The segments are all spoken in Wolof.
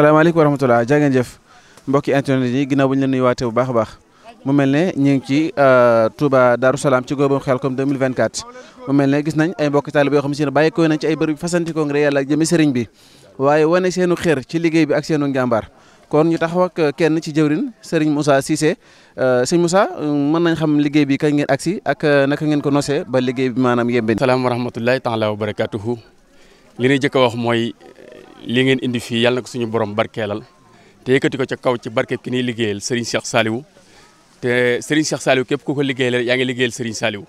salaamaaleykum wa rahmatulah jaa ngeen jëf mbokki internet yi ginnaaw bu ñu leen nuyuwaatee bu baax a baax mu mel ne ñu ngi ci euh, Touba Darou Salaam ci góobam Xelcom 2024. mu mel ne gis nañ ay mbokki taalibe yoo xam si ne bàyyi ko nañ ci ay bërëb fasantikoo ngir yàlla ak jëmi sëriñ bi waaye wane seenu xër ci liggéey bi ak seenu njàmbaar kon ñu taxaw ak kenn ci jëwrin sëriñ Moussa Cissé euh, sëñ Moussa mën nañ xam liggéey bi kañ ngeen agsi ak euh, naka ngeen ko nosee ba liggéey bi maanaam yembe. salaam wa rahmatulahi taala wa barakatuhu li ñuy jëkk a wax mooy li ngeen indi fii yàlla na ko suñu borom barkeelal te yëkkati ko ca kaw ci barke ki ñuy liggéeyal Serigne Cheikh Saliou te Serigne Cheikh Saliou képp ku ko liggéeyal yaa ngi liggéeyal Serigne Saliou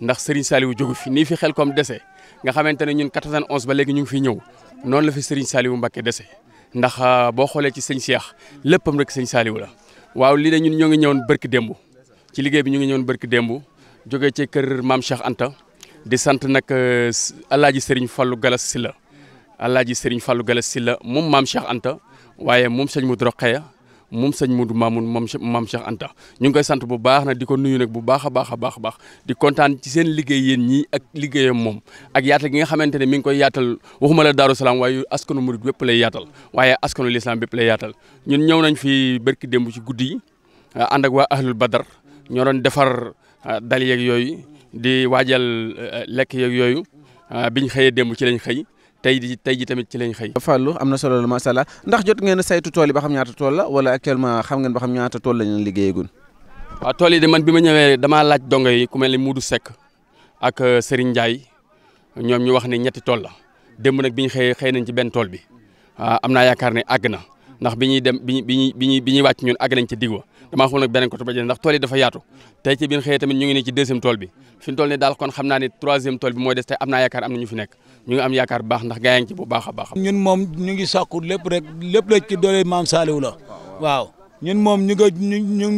ndax Serigne Saliou jógu fi nii fi xel kom dese nga xamante ne ñun 91 ba léegi ñu ngi fi ñëw noonu la fi Serigne Saliou Mbacké dese ndax euh, boo xoolee ci sëñ Cheikh léppam rek sëñ Saliou la waaw lii ne ñun ñoo ngi ñëwoon barki démb ci liggéey bi ñu ngi ñëwoon barki démb jógee ci kër maam Cheikh Anta di sant nag euh, alaaji Serigne Fallou Galas Sylla alaaji sëriñ Fallou Galass Sylla moom maam Cheikh Anta waaye moom sëñ Modou Rokhaya moom sëñ Modou Mamoun moom maam Cheikh Anta ñu ngi koy sant bu baax na di ko nuyu nag bu baax a baax a baax a baax di kontaan ci seen liggéey yéen ñii ak liggéeyam moom ak yaatal gi nga xamante ne mi ngi koy yaatal waxuma la Daaru Salaam waaye askanu murid bépp lay yaatal waaye askanu lislaam bépp lay yaatal ñun ñëw nañ fi barki démb ci guddi yi ah, ànd ak waa ahlul badar ñoo doon defar ah, dal yeeg yooyu di waajal eh, lekk yeeg yooyu ah, biñ xëyee démb ci lañ xëy tey ji tey ji tamit ci lañ xëy Fallou am na solo la macha allah ndax jot ngeen saytu tool yi ba xam ñaata tool la wala actuellement xam ngeen ba xam ñaata tool lañ a waaw tool yi de man bi ma ñëwee damaa laaj dongo yi ku mel ni Moudou Seck ak euh, Serigne Ndiaye ñoom ñu wax ne ñetti tool la démb nag bi ñu xëyee xëy nañ ci benn tool bi ah, am naa yaakaar ne àgg na ndax bi ñuy dem bi ñuy bi ñuy bi ñuy wàcc ñun àgg nañ ci digwa damaa xamul nag beneen côté ba jëlee ndax tool dafa yaatu tey ci biir xëyee tamit ñu ci deuxième tool bi fi toll ne daal xam naa ne troisième bi mooy des am naa yaakaar am na ñu fi nekk ñu am yaakaar baax ndax gaa ci bu baax a baax ñun moom ñu ngi sàkku lépp rek lépp la ci doole maam Saliou la ñun moom ñu nga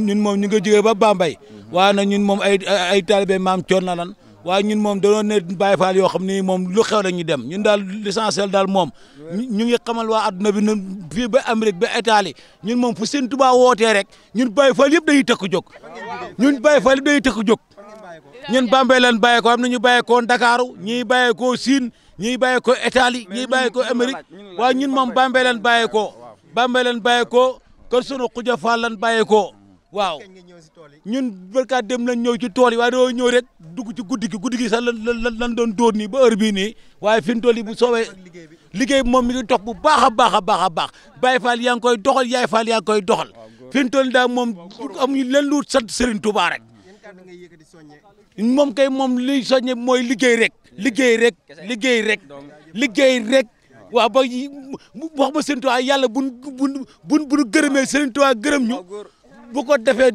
ñun moom ñu nga ba Bambey mm-hmm. waaye nag ñun moom ay ay maam Coon na lan waaye ñun moom danoo ne Baye Fall yoo xam ni moom lu xew la ñuy dem ñun daal l'essentiel daal moom ñu ngi xamal waa adduna bi ñun fii ba Amérique ba Italie ñun moom fu seen Tuubaa wootee rek ñun Baye Fall yëpp dañuy tëkk jóg ñun Baye Fall yëpp dañuy tëkk jóg ñun Bambey lan bàyyi ko am na ñu bàyyi koo Ndakaaru ñuy bàyyi koo Siin ñuy bàyyi koo Italie ñuy bàyyi koo Amérique waaye ñun moom Bambey lan bàyyi koo Bambey lan bàyyi koo kër sunu Xuja Fall lan bàyyi koo waaw ñun barka dem lañ ñëw ci tool yi waaye doo ñëw rek dugg ci guddi gi guddi gi sax lan lan lan doon dóor nii ba heure bii nii waaye fi mu toll liggéey bi moom mi ngi tox bu baax a baax a baax a baax Baye Fall yaa ngi koy doxal Yaay Fall yaa ngi koy doxal fi mu toll daal moom amuñu lenn lu sant Serigne Touba rek moom kay moom liy soññe mooy liggéey rek liggéey rek liggéey rek liggéey rek waaw ba wax ma Serigne Touba yàlla buñ buñ buñ buñu gërëmee Serigne Touba gërëm ñu bu ko defee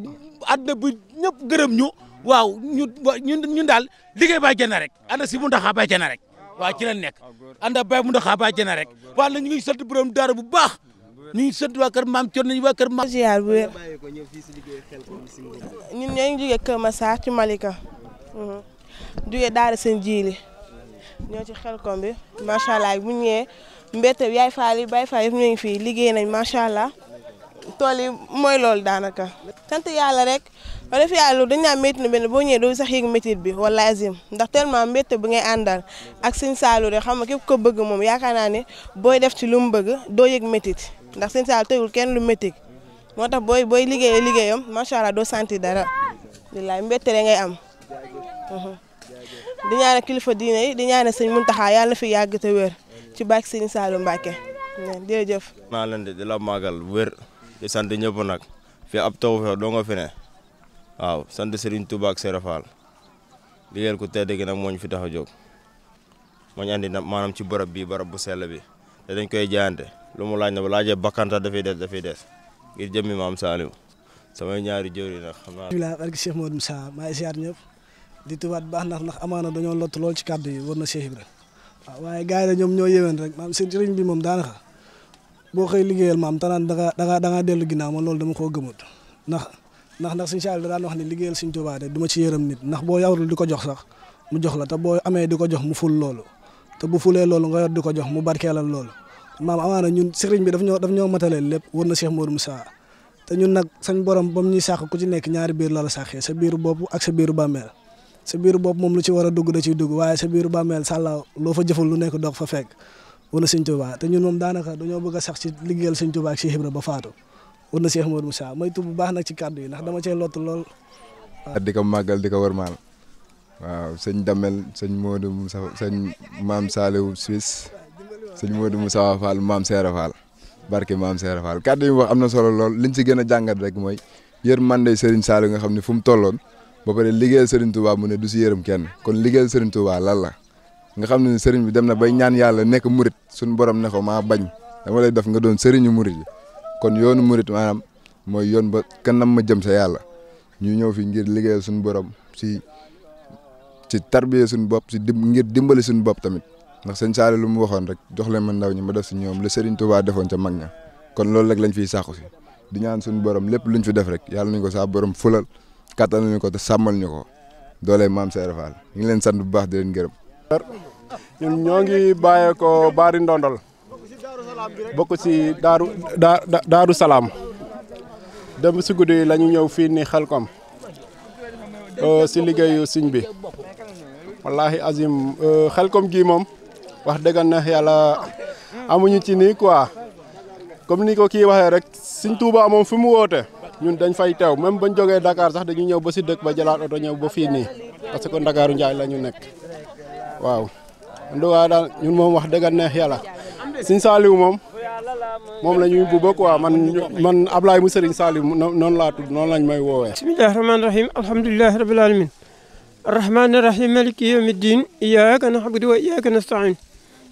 àdduna bu ñëpp gërëm ñu waaw ñu ñun ñun daal liggéey ba jana rek ànd si mu ndaxaa ba jëna rek waaw ci la nekk ànd ak bay mu ndaxaa ba jëna rek waaw la ñu ngi sant borom bu baax ñu ngi sant waa kër maam cor nañu waa kër maam ziar bu wér ñun ñoo ngi jógee Kër Massar ci Malika mhm. jógee daara seen jiili ñoo ci xelkom bi macha allah bu mu ñëwee mbette yaay faal yi bay faal yëpp ñoo ngi fii liggéey nañ macha allah tool yi mooy loolu daanaka. sant yàlla rek ba def yàlla dañu naan métti na benn boo ñëwee doo sax yëg métti bi wala azim ndax tellement métti bi ngay àndal ak sëñ Saalu rek xam nga képp ko bëgg moom yaakaar naa ne booy def ci lu mu bëgg doo yëg métti ndax sëñ Saalu tegul kenn lu métti moo tax booy booy liggéey liggéeyam macha allah doo santi dara bilaay mbette rek ngay am. Mhm. di ñaanal kilifa diine yi di ñaanal sëñ Muntaxa yàlla fi yàgg te wér ci bàkk sëñ Saalu Mbàkke jërëjëf. naa leen di di sant ñëpp nag fii ab taw feex doo nga fi ne waaw sant Serigne Touba ak Serap Fall ku tedd gi nag moo ñu fi tax a jóg moo ñu andi maanaam ci barab bi barab bu sell bi te dañ koy jaayante lu mu laaj na bu laajee bakkanta dafay des dafay des ngir jëmmi maam Saliou samay ñaari jëwri nag xam naa. alhamdulilah barke Cheikh Modou Moussa maa ñëpp di tubaat baax nax ndax amaana dañoo lott lool ci kàddu yi war na Cheikh Ibrahima waaw waaye gars yi ñoom ñoo yéwén rek maam sëriñ bi moom daanaka. boo xëy liggéeyal maam tanaan danga danga danga dellu ginnaaw man loolu dama koo gëmut ndax ndax ndax suñu saali da daan wax ne liggéeyal suñ Tuubaa de ma ci yërëm nit ndax boo yawrul di ko jox sax mu jox la te boo amee di ko jox mu ful loolu te bu fulee loolu nga di ko jox mu barkeelal loolu maam amaana ñun sëriñ bi daf ñoo daf ñoo mataleel lépp war na Cheikh Modou saa te ñun nag sañ borom bam ñuy sàq ku ci nekk ñaari biir la la sàqee sa biir bopp ak sa biiru bàmmeel sa biiru bopp moom lu ci war a dugg da ciy dugg waaye sa biiru bàmmeel sàlla loo fa jëful lu nekk fa fekk wala sëñ Touba te ñun moom daanaka dañoo bëgg a sax ci liggéeyal sëñ Touba ak Cheikh Ibra ba faatu wala Cheikh Modou Moussa bu baax nag ci kàddu yi ndax dama cee lott lool. Ah, di ko màggal di ko wërmaal waaw sëñ Damel sëñ Modou Moussa sëñ maam Saliou Suisse sëñ Modou Moussa Fall maam Serap Fall barke maam Serap Fall kàddu yi mu am na solo lool liñ si gën a jàngat rek mooy yërmande Serigne Saliou nga xam ne fu mu tolloon ba pare liggéeyal Serigne Touba mu ne du si yërëm kenn kon liggéeyal Serigne Touba lan la. nga xam ne sëriñ bi dem na bay ñaan yàlla nekk murit suñu borom ne ko maa bañ dama lay def nga doon sëriñu murit yi kon yoonu murit maam mooy yoon ba kanam ma jëm sa yàlla ñu ñëw fi ngir liggéeyal suñu borom si ci tarbiye suñu bopp si ngir dimbali suñu bopp tamit ndax sëñ Saali lu mu waxoon rek jox leen ma ndaw ñi ma def si ñoom la sëriñ Tuubaa defoon ca mag ña kon loolu rek lañ fiy sàqu si di ñaan suñu borom lépp luñ fi def rek yàlla nañ ko saa borom fulal kattan ñu ko te sàmmal ñu ko doolee maam Seydou Fall ñu ngi leen sant bu baax di gërëm ñun ñoo ngi bàyyee ko Baari Ndondol bokk ci daaru daaru salaam dem ci guddi la ñu ñëw fii ni Xelkom euh, ci liggéeyu siñ bi wallahi xel euh, Xelkom gi moom wax dëgg neex yàlla amuñu ci nii quoi comme ni ko kii waxee rek siñ Tuuba moom fi mu woote ñun dañ fay teew même bañ jógee Dakar sax dañu ñëw ba ci dëkk ba jëlaat oto ñëw ba fii nii parce que Ndakaaru Njaay la ñu nekk waaw ndugaa daal ñun moom wax dëgg neex yàlla Sëriñ Saliou moom moom la ñuy bu bëgg quoi man man Ablaye mu Sëriñ Saliou noonu laa tudd noonu lañ may woowee bismillahi rahmaani rahim alhamdulilahi rabbil alamin arrahmaani rahim maliki yawmi ddin iyyaka na'budu wa iyyaka nasta'in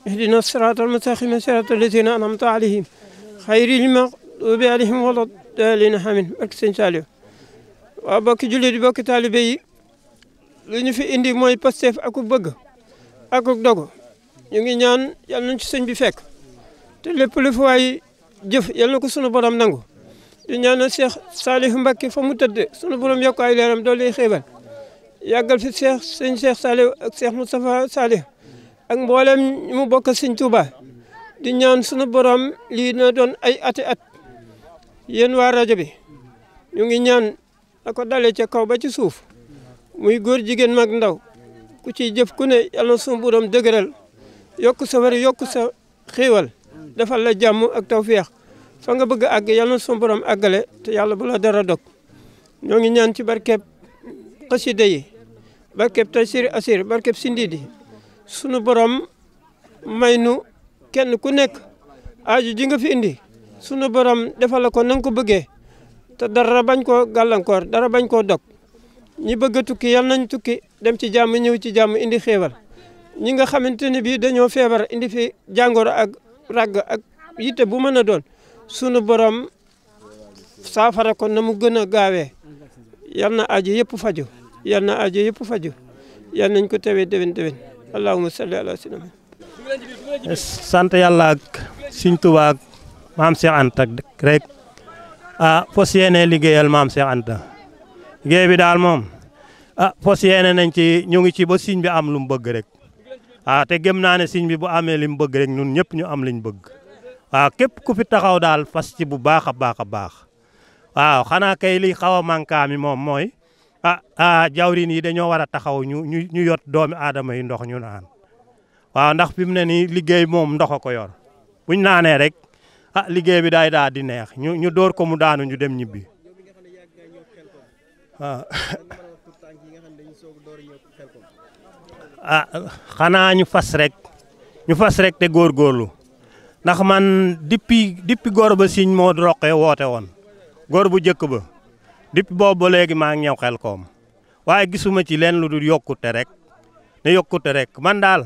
ihdina sirata almustaqima sirata alladina an'amta alayhim xayril maxdubi alayhim wala daalin amin ak Sëriñ Saliou waaw bokki jullit bokki taalibe yi lu ñu fi indi mooy Pastef ak ku bëgg akuk dogo ñu ngi ñaan yal nañ ci sëñ bi fekk te lépp lu fi jëf yal na ko sunu borom nangu di ñaanal Cheikh Salif Mbacké fa mu tëdd sunu borom yokk ay leeram doole yi xéebal yàggal fi Cheikh sëñ Cheikh Salif ak Cheikh Moustapha Salif ak mboolem mu bokk sëñ Touba di ñaan sunu borom lii na doon ay ati at yéen waa rajo bi ñu ngi ñaan na ko dalee ca kaw ba ci suuf muy góor jigéen mag ndaw ku ciy jëf ku ne yal na suñu borom yokk sa wér yokk sa xéewal defal la jàmm ak tawféex fa nga bëgg àgg yal na suñu borom àggale te yàlla bu la dara dog ñoo ngi ñaan ci barkeb xasida yi barkeb Taysiir Asiir barkeb Sindiidi sunu borom may nu kenn ku nekk aaju ji nga fi indi sunu borom defal la ko na nga ko bëggee te dara bañ koo gàllankoor dara bañ koo dog ñi bëgg a tukki yal nañ tukki dem ci jàmm ñëw ci jàmm indi xéewal ñi nga xamante ne bii dañoo feebar indi fi jàngoro ak ràgg ak yitte bu mën a doon sunu borom saafara ko na mu gën a gaawe yal na ajo yëpp fajo yal na ajo yëpp faju yal nañ ko tewee déwén déwén allahumma salli ala sina sant yàlla ak Sëñ Tuubaa ak maam Cheikh Anta rek a ah, fas yéene liggéeyal maam Cheikh Anta géej bi daal moom a ah, fas yéene nañ ci ñu ngi ci ba siñ bi am lu mu bëgg rek ah te gëm naa ne siñ bi bu amee li mu bëgg rek ñun ñëpp ñu am liñ bëgg waaw ah, képp ku fi taxaw daal fas ci bu baax a baax a baax waaw ah, xanaa kay li xaw a mankaa mi moom mooy a ah jawrin yi dañoo war a taxaw ñu ñu ñu yot doomi aadama yi ndox ñu naan waaw ndax fi mu ne nii liggéey moom ndox a ko yor buñ naanee rek ah liggéey bi daay daal di neex ñu ñu door ko mu daanu ñu dem ñibbi. ah. ah xanaa ñu fas rek ñu fas rek te góorgóorlu ndax man depuis depuis góor ba siñ moo roqee woote woon góor bu njëkk ba depuis boobu ba léegi maa ngi ñëw xel koom waaye gisuma ci leen lu dul yokkute rek ne yokkute rek man daal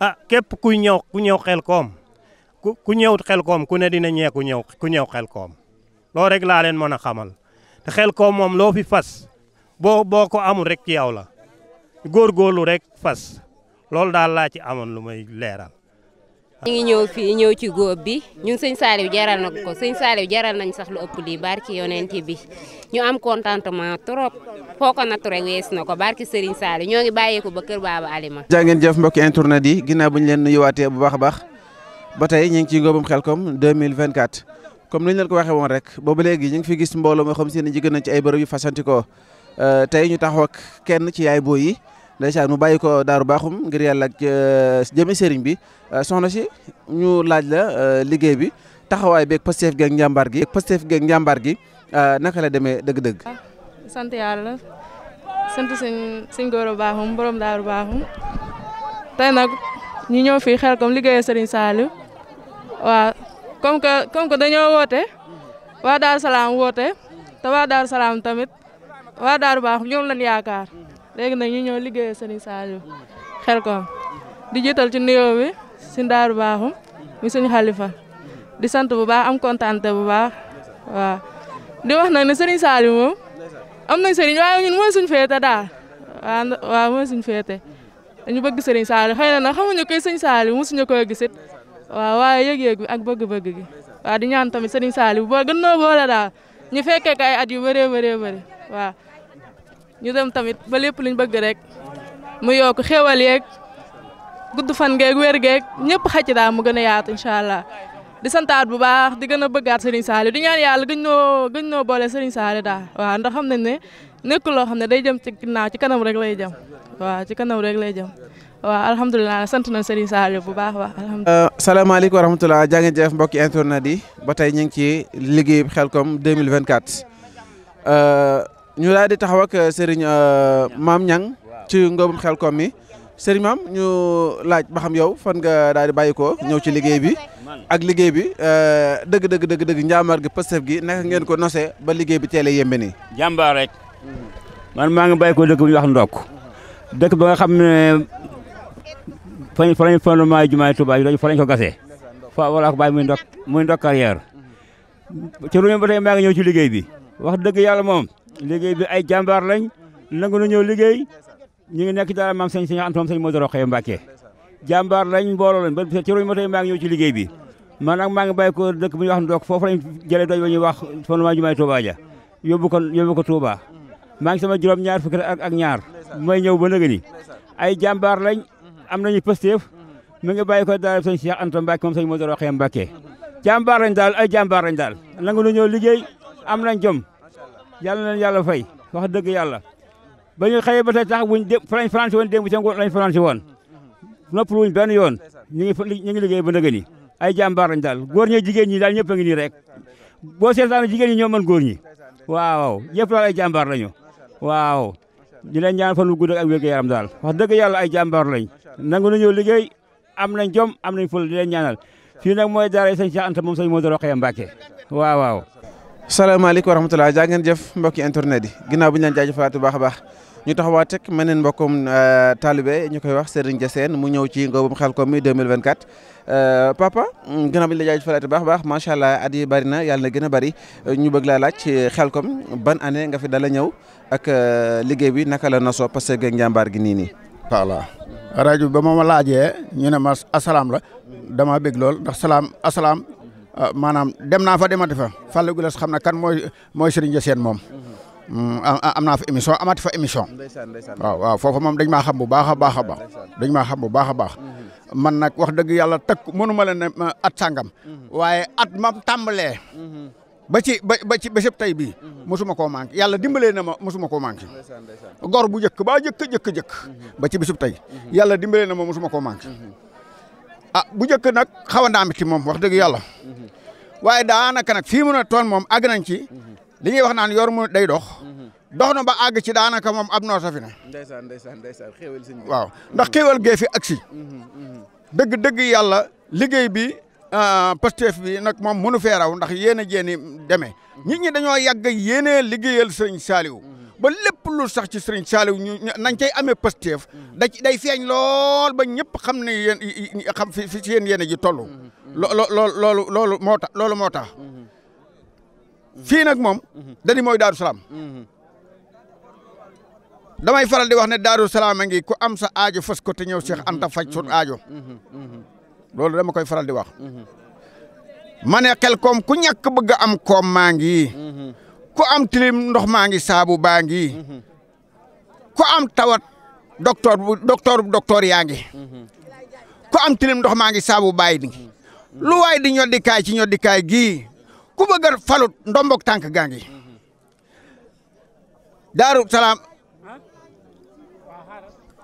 a ah, képp kuy ñëw ku ñëw xel koom ku ku ñëw xel koom ku ne dina ñeeku ñëw ku ñëw xel koom loolu rek laa leen mën xamal. xel ko moom loo fi fas boo boo ko amul rek ci yow la góorgóorlu rek fas loolu daal laa ci amoon lu may leeral. ñi ngi ñëw fii ñëw ci góob bi ñun sëñ Saliou jaral na ko sëñ Saliou jaral nañ sax lu ëpp lii barki yonent bi ñu am contentement trop foo ko nattu rek wees na ko barki Serigne Saliou ñoo ngi bàyyeeku ba kër Baaba Alima. jaa ngeen jëf mbokki internet yi ginnaaw bu ñu leen yu nuyuwaatee bu baax a baax ba tey ñu ngi ci ngóobam Xelcom 2024. comme ni ñu leen ko waxee woon rek boobu léegi ñu fi gis mbooloo moo xam si ne jigéen ci ay bërëb yu fasantikoo euh, tey ñu taxaw ak kenn ci yaay booy yi ndeysaan mu bàyyi ko daaru baaxum ngir yàlla ak euh, jëmi sëriñ bi euh, si ñu laaj la liggéey bi taxawaay beeg Pastef geeg njàmbaar gi. Pastef geeg njàmbaar gi naka la demee dëgg-dëgg. sant yàlla sant sëñ sëñ góor baaxum borom daaru baaxum tey nag ñu ñëw fii xel comme liggéeyal sëriñ Saliou waaw. comme que comme dañoo woote waa Daaru Salaam woote te waa Daaru Salaam tamit waa Daaru baax ñoom lañ yaakaar léegi nag ñu ñëw liggéeyee sëriñ Saliou Khelcom di jiital ci nuyoo bi si Daaru baaxum mu suñu xalifa di sant bu baax am kontaante bu baax waaw di wax nag ne sëriñ Saliou moom am nañ sëriñ waaye ñun mooy suñu féete daal waa waaw mooy suñu féete dañu bëgg sëriñ Saliou xëy na nag xamuñu koy sëriñ Saliou mosuñu ko gisit waaw waa yëg-yëg bi ak bëgg-bëgg gi di ñaan tamit Serigne Saliou boo gën noo boole daal ñu fekkee ko ay at yu bëree bëree bëri dem tamit ba lépp luñ bëgg rek mu yokk xéwal yeeg gudd fan geeg wér geeg ñëpp xaj daal mu gën a yaatu incha di santaat bu baax di gën a bëggaat Serigne Saliou di ñaan yàlla gëñ noo gëñ noo boole Serigne Saliou daal waaw ndax xam ne nekk loo xam ne day jëm ci ginnaaw ci kanam rek lay jëm waaw ci kanam rek lay jëm waaw alhamdulilah sant nañ Serigne Saliou bu baax baax alhamdulilah. Euh, salaamaaleykum wa rahmatulah jaa ngeen mbokki internet yi ba tey ñu ngi ci liggéey Xelcom 2024. Euh, ñu daal di taxaw ak Serigne euh, Mame Niang ci ngóobum Xelcom mi Serigne maam ñu laaj ba xam yow fan nga daal di bàyyi ko ñëw ci liggéey bi ak liggéey bi dëgg dëgg dëgg dëgg njàmbaar gi pëstef gi naka ngeen ko nosee ba liggéey bi teel a yembe ni jàmbaar rek man maa ngi bàyyi ko dëkk bu ñuy wax ndokk dëkk ba nga xam ne fa fa lañ fondement jumaay Touba yi fa lañ ko gasee fa ko bàyyi muy ndok muy ndok carrière ci ruñu ba tey maa ngi ñëw ci liggéey bi wax dëgg yàlla moom liggéey bi ay jàmbaar lañ nangu na ñëw liggéey ñu ngi nekk daal maam sëñ sëñ Antoom sëñ Modou Rokhaya Mbacke jàmbaar lañ mbooloo ba ci ruñu ba tey maa ngi ñëw ci liggéey bi man nag maa ngi bàyyi ko dëkk bu ñuy wax ndok foofu lañ jëlee doj ba wax fondement jumaay Touba ja yóbbu ko yóbbu ko Touba maa ngi sama juróom ñaar fukki ak ñaar may ñëw ba nëgë ni ay am nañu pësteef mi ngi bàyyi ko daal sëñ Cheikh Anta Mbacke moom sëñ Modou Rokhaya Mbacke jàmbaar lañ daal ay jàmbaar lañ daal nangu na ñoo liggéey am nañ jom yàlla nañ yàlla fay wax dëgg yàlla ba ñu xëyee ba tey tax wuñ dé lañ faransi woon démb ca ngoon lañ faransi woon noppalu wuñ benn yoon ñu ngi ñu ngi liggéey ba ndëgë ni ay jàmbaar daal góor ñi jigéen ñi daal ñëpp a ngi nii rek boo seetaan jigéen ñi ñoo mën góor ñi waaw yëpp daal ay jàmbaar lañu waaw di leen ñaan fa wu gudd ak wér-gu-yaram daal wax dëgg yàlla ay jàmbaar lañ nangu nañoo liggéey am nañ jom am nañ ful di leen ñaanal fii nag mooy daara sëñ Cheikh Anta moom sëñ Modou Rokhaya Mbacké waaw waaw. salaamaaleykum wa rahmatulah jaa ngeen jëf mbokki internet yi ginnaaw bi ñu leen jaajëfalaat bu baax a baax ñu taxawaat ak meneen mbokkum euh, taalibe ñu koy wax Serigne Diassène mu ñëw ci ngóobam Xelcom mi 2024. papa ginnaaw bi ñu la jaajëfalaat bu baax a baax macha allah at yi bari na yàlla na gën a bari ñu bëgg laa laaj Xelcom ban année nga fi dala ñëw ak euh, liggéey bi naka la nasoo parce que njàmbaar gi nii nii. taala rajo ba ma ma laajee ñu ne ma asalaam la dama bég lool ndax salaam asalaam ah, maanaam dem naa fa demati fa Fallou Gillas xam na kan mooy mooy Serigne Ndiassène moom. Mm, am naa fa émission amati fa émission. waaw waaw foofu moom dañ maa xam bu baax a baax a baax. dañ maa xam bu baax a baax. Mm-hmm. man nag wax dëgg yàlla takk mënu ma leen ne at sàngam. Mm-hmm. waaye at mam tàmbalee. Mm-hmm. ba ci ba ba ci bésëb tey bii mhm. mosuma koo manqué yàlla dimbalee na ma mosuma koo manqué gor bu jëkk baa jëkk jëkk jëkk mhm. ba ci bésëb tey mhm. yàlla dimbalee na ma mosuma koo manqué ah bu jëkk nag xaw a ndaamiti moom wax dëgg yàlla waaye daanaka nag fii mun a toon moom àgg nañ ci li ñuy wax naan yor mu day dox dox na ba àgg ci daanaka moom ab noo safi na ndeysaan ndeysaan ndeysaan xéewal sëñ waaw ndax xéewal gee fi ak si dëgg dëgg yàlla liggéey bi Ah, Pastef bi nag moom mënu fee raw ndax yéen a jéeni demee nit ñi dañoo yàgg yéenee liggéeyal sëriñ Saliou mm-hmm. ba lépp lu sax ci sëriñ Saliou ñu nañ cay amee Pastef mm-hmm. da day feeñ lool ba ñëpp xam ne yéen xam fi fi yéen yéene ji toll mm-hmm. lo loolu loolu moo tax loolu moo tax fii nag moom dañu mooy Daaru Salaam damay faral di wax ne Daaru Salaam a ngi ku am sa aajo fas ko te ñëw Cheikh Anta faj sut aajo loolu dama koy faral di wax. Mhm. ma ne xel koom ku ñakk bëgg am koom maa ngi. Mhm. ku am tilim ndox maa ngi saabu baa ngi. Mhm. ku am tawat docteur bu docteur docteur yaa ngi. ku am tilim ndox maa ngi saabu bàyyi di lu waay di ñoddikaay ci ñoddikaay gii ku bëgg a falut ndombok tànk gaa ngi.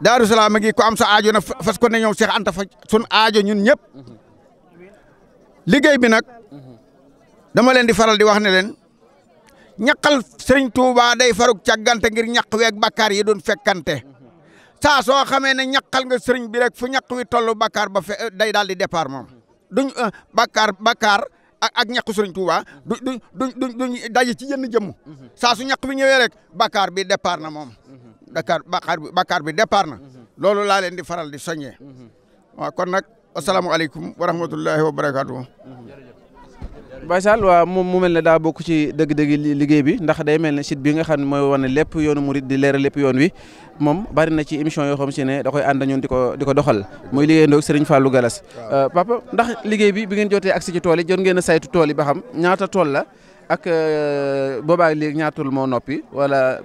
daaru salaam ngi am sa aajo na fas ko ne ñoom Cheikh Anta fa sun aajo ñun ñëpp liggéey bi nag dama leen di faral di wax ne leen ñaqal sëñ Touba day faruk càggante ngir ñaq weeg bakkaar yi doon fekkante saa soo xamee ne ñaqal nga sëriñ bi rek fu ñaq wi toll bakkaar ba fe eh, day daal di départ moom duñ eh, bakkaar bakkaar ak ak ñaq sëriñ Touba du duñ duñ duñ ci yenn jëmm saa su ñaq bi ñëwee rek bakkaar bi départ na moom. Dakar bàkkaar bi bàkkaar bi départ na mhm. loolu laa leen di faral di soññee mhm. waaw kon nag asalaamaaleykum wa rahmatullahi wa barakaatu. Mhm. Baye waa moom mu mel ne daa bokk ci dëgg-dëgg liggéey bi ndax day mel ne sit bi nga xam ne mooy wane lépp yoonu murid di leeral lépp yoon wi moom bari na ci émission yoo xam si ne da koy ànd ñun di ko di ko doxal muy liggéeyandoo ak Serigne faalu Galas euh, papa ndax liggéey bi bi ngeen jotee agsi ci tool yi jot ngeen saytu tool yi ba xam ñaata tool la ak euh, boobaa léegi ñaata tool noppi wala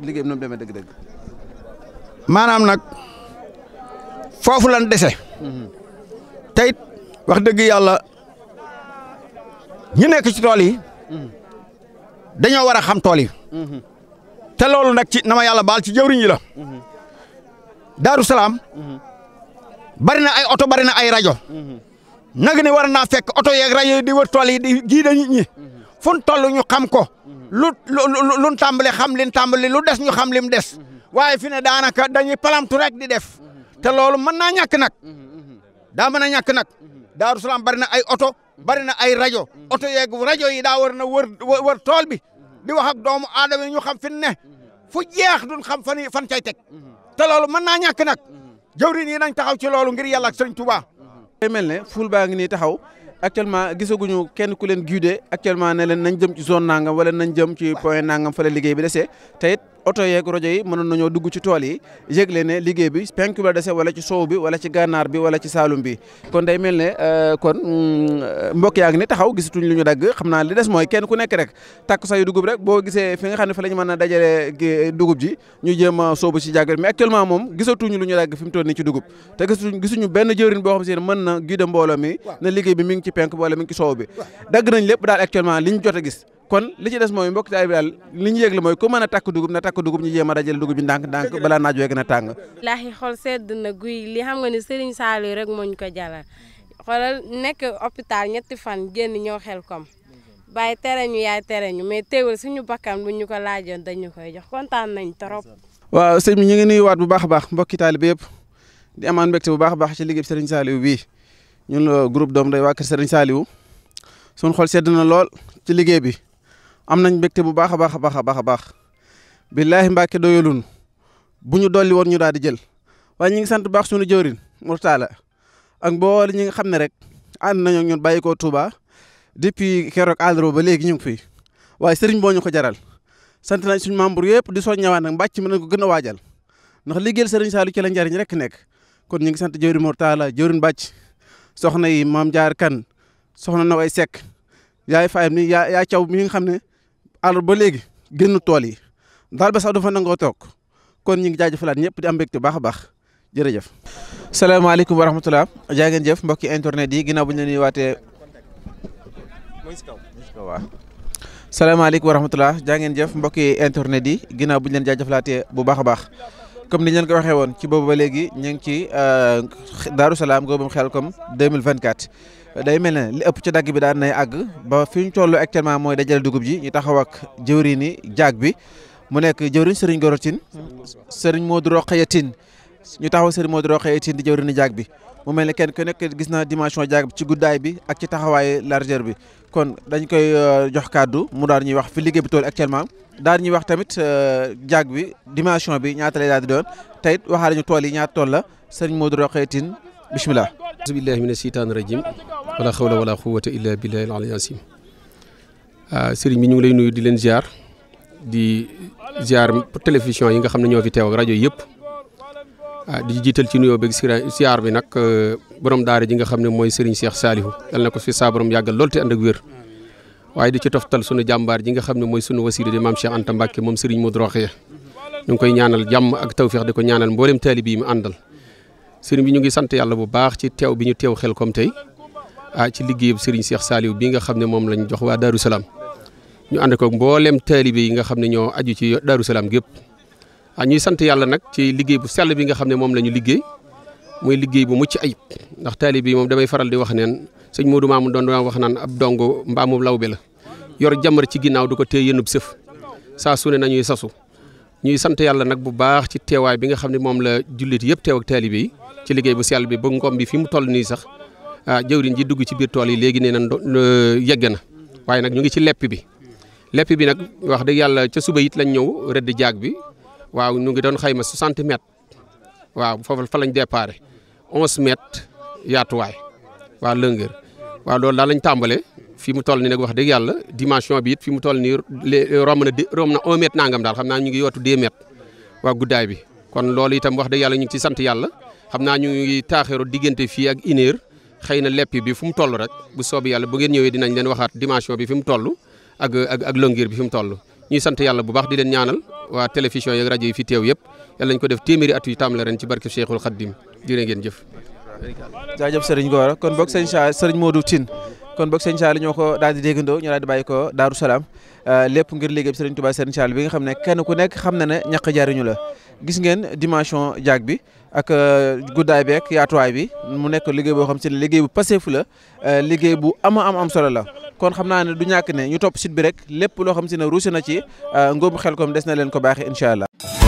liggéey bi nu dëgg-dëgg. maanaam nag foofu lan dese tey it wax dëgg yàlla ñi nekk ci tool yi dañoo war a xam tool yi te loolu nag ci na ma yàlla baal ci jëwriñ yi la Daaru Salaam bari na ay oto bari na ay rajo nag ni war naa fekk oto yeeg rajo yi di wër tool yi di jiida nit ñi fu ñu toll ñu xam ko lu lu lu tàmbali xam li tàmbali lu des ñu xam lim des waaye fi ne daanaka dañuy palamtu rek di def te loolu mën naa ñàkk nag daa mën a ñàkk nag Daaru Salaam bari na ay oto bari na ay rajo oto yeeg rajo yi daa war na wër wër tool bi di wax ak doomu aadama yi ñu xam fi ne fu jeex duñ xam fan fan cay teg te loolu mën naa ñàkk nag jëwriñ yi nañ taxaw ci loolu ngir yàlla ak sëñ Tuubaa day mel ne ful baa ngi nii taxaw actuellement gisaguñu kenn ku leen guidé actuellement ne leen nañ jëm ci zone nangam wala nañ jëm ci point nangam fa la liggéey bi desee te oto yeeg rajo yi mënoon nañoo dugg ci tool yi yëgle ne liggéey bi penku bi la wala ci soow bi wala ci gànnaar bi wala ci saalum bi kon day mel ne euh, kon mm, mbokk yaa ni taxaw gisatuñ lu ñu dagg xam naa li des mooy kenn ku nekk rek takk sa yu dugub rek boo gisee fi nga xam ne fa la ñu mën a dajale dugub ji ñu jéem a soobu ci jàggat mais actuellement moom gisatuñu lu ñu dagg fi mu toll nii ci dugub te gisuñ gisuñu benn jëriñ boo xam si ne mën na guider mbooloo mi na liggéey bi mi ngi ci penk wala mi ngi ci soow bi lépp daal actuellement li ñu jot a gis kon li ci des mooy mbokk taay bi daal li ñu yëg mooy ku mën a takk dugub na takk dugub ñu jéem a dajale dugub bi ndànk ndànk balaa naaj wee gën a tàng laaxi xol sedd na guy li xam nga ne Serigne Saliou rek moo ñu ko jalal xoolal nekk hôpital ñetti fan génn ñëw xel kom bàyyi tere ñu yaay tere ñu mais teewul suñu bakkan bu ñu ko laajoon dañu koy jox kontaan nañ trop waaw sëñ bi ñu ngi waat bu baax a baax mbokki taalibe yëpp di amaan mbégte bu baax a baax ci liggéey Serigne Saliou bii ñun uh, groupe doom day waa kër Serigne Saliou suñ xol sedd na lool ci liggéey bi am nañ mbégte bu baax a baax a baax a baax a baax billaahi Mbàkke doyalun bu ñu dolli woon ñu daal di jël waaye ñu ngi sant baax suñu jëwrin Murtala ak bool ñi nga xam ne rek ànd nañoo ñun bàyyi ko Touba depuis keroog àllarba ba léegi ñu ngi fi waaye sëriñ boo ñu ko jaral sant nañ suñu membre yëpp di soo ñawaan nag mbàcc mi nañ ko gën a waajal ndax liggéeyal sëriñ Saalu ci la njariñ rek nekk kon ñu ngi sant jëwrin Murtala jëwrin bàcc soxna yi maam jaar kan soxna na way sekk yaay fayam ni yaa yaa caw mi nga xam ne alors ba léegi génn tool yi daal ba sax dafa nangoo toog kon ñu ngi jaajëfalaat ñëpp di am mbégte baax a baax jërëjëf. salaamaaleykum wa rahmatulah jaa ngeen jëf mbokki internet yi ginnaaw bu ñu la nuyuwaatee. salaamaaleykum wa rahmatulah jaa ngeen jëf mbokki internet yi ginnaaw bu ñu leen jaajëfalaatee bu baax a baax. comme ni ñu leen ko waxee woon ci boobu ba léegi ñu ngi ci euh, Daarou Salaam góobam Xelcom 2024. day mel ne li ëpp ci dagg bi daan nay àgg ba fi ñu toll actuellement mooy dajale dugub yi ñu taxawak ak jëwriñ ni jaag bi mu nekk jëwriñ sëriñ Gora sëriñ moo Modou Rokhaya Tine ñu taxaw Serigne Modou Rokhaya Tine di jëwriñ ni jaag bi mu mel ne kenn ku nekk gis na dimension jaag bi ci guddaay bi ak ci taxawaay largeur bi kon dañ koy euh, jox kàddu mu daal ñuy wax fi liggéey bi toll actuellement daal ñuy wax tamit euh, jaag bi dimension bi ñaata lay daal di doon tey it waxaale ñu tool yi ñaata tool la Serigne Modou Rokhaya Tine bisimilah bisimilah mina seytaan rajim wala xawla wala quwata illa billahi al asim ah, sëriñ bi ñu ngi lay nuyu di leen ziar di ziar télévision yi nga xam ne ñoo fi teew rajo yëpp ah, di jiital ci nuyoo beeg ziar bi nag euh, borom daara ji nga xam ne mooy sëriñ Cheikh Salihu yal na ko fi saa borom yàggal lool te ànd ak wér waaye di ci toftal sunu jàmbaar ji nga xam ne mooy sunu wasiila di maam Cheikh Anta Mbacke moom sëriñ Modou Rokhaya ñu ngi koy ñaanal jàmm ak tawféex di ko ñaanal mboolem taalibe yi mu àndal sëriñ bi ñu ngi sant yàlla bu baax ci teew bi ñu teew xel comme tey ah ci liggéeyub sëriñ Cheikh Saliou bi nga xam ne moom lañ jox waa Darou Salaam ñu ànd ko mboolem taalibe yi nga xam ne ñoo aju ci Darou Salaam gépp ah ñuy sant yàlla nag ci liggéey bu sell bi nga xam ne moom la ñu liggéey muy liggéey bu mucc ayib ndax taalibe yi moom damay faral di wax neen sëñ Modou Mamoun doon doon wax naan ab dong mbaamu lawbe la yor jambar ci ginnaaw du ko téye yënub sëf saa su ne nañuy sasu ñuy sant yàlla nag bu baax ci teewaay bi nga xam ne moom la jullit yëpp teew ak taalibe yi ci liggéey bu sell bi ba ngoom bi fi mu toll nii sax ah jëwriñ ji dugg ci biir tool yi léegi neena na yegg na waaye nag ñu ngi ci lepp bi lepp bi nag wax dëgg yàlla ca suba it lañ ñëw rëdd jaag bi waaw ñu ngi doon xayma 60 mètres waaw foofu fa lañ déparé 11 mètres yaatuwaay waaw lëngër loolu daal lañ tàmbalee fi mu toll ni nag wax dëgg yàlla dimension nii eh, romb na un mètre nangam daal xam naa ñu ngi yootu deux mètres waa guddaay bi kon loolu itam wax dëgg yàlla ñu ngi ci sant yàlla xam naa ñu ngi taaxeeru diggante fii ak une heure na lepp bi fu mu toll rek bu soobi yàlla bu ngeen ñëwee dinañ leen waxaat dimension bi fi mu toll ak ak ak longueur bi fi mu toll ñu sant yàlla bu baax di leen ñaanal waa télévision yeeg rajo yi fi teew yëpp yàlla nañu ko def téeméeri at yu tàmbale ren ci barke Cheikhul Khadim jërë ngeen jëf jaajëf sëriñ Gora kon boog sëñ Sall ñoo ko daal di déggandoo ñu daal di bàyyi ko Daaru Salaam euh, lépp ngir liggéey bi sëriñ Touba sëriñ Sall bi nga xam ne kenn ku nekk xam na ne ñaq jariñu la gis ngeen dimension jaag bi ak euh, guddaay beek yaatuwaay bi mu nekk liggéey boo xam si ne liggéey bu paseefu la euh, liggéey bu ama am am solo la kon xam naa ne du ñàkk ne ñu topp site bi rek lépp loo xam si ne ruuse na ci ngóobu xel kom des na leen ko baaxee incha allah.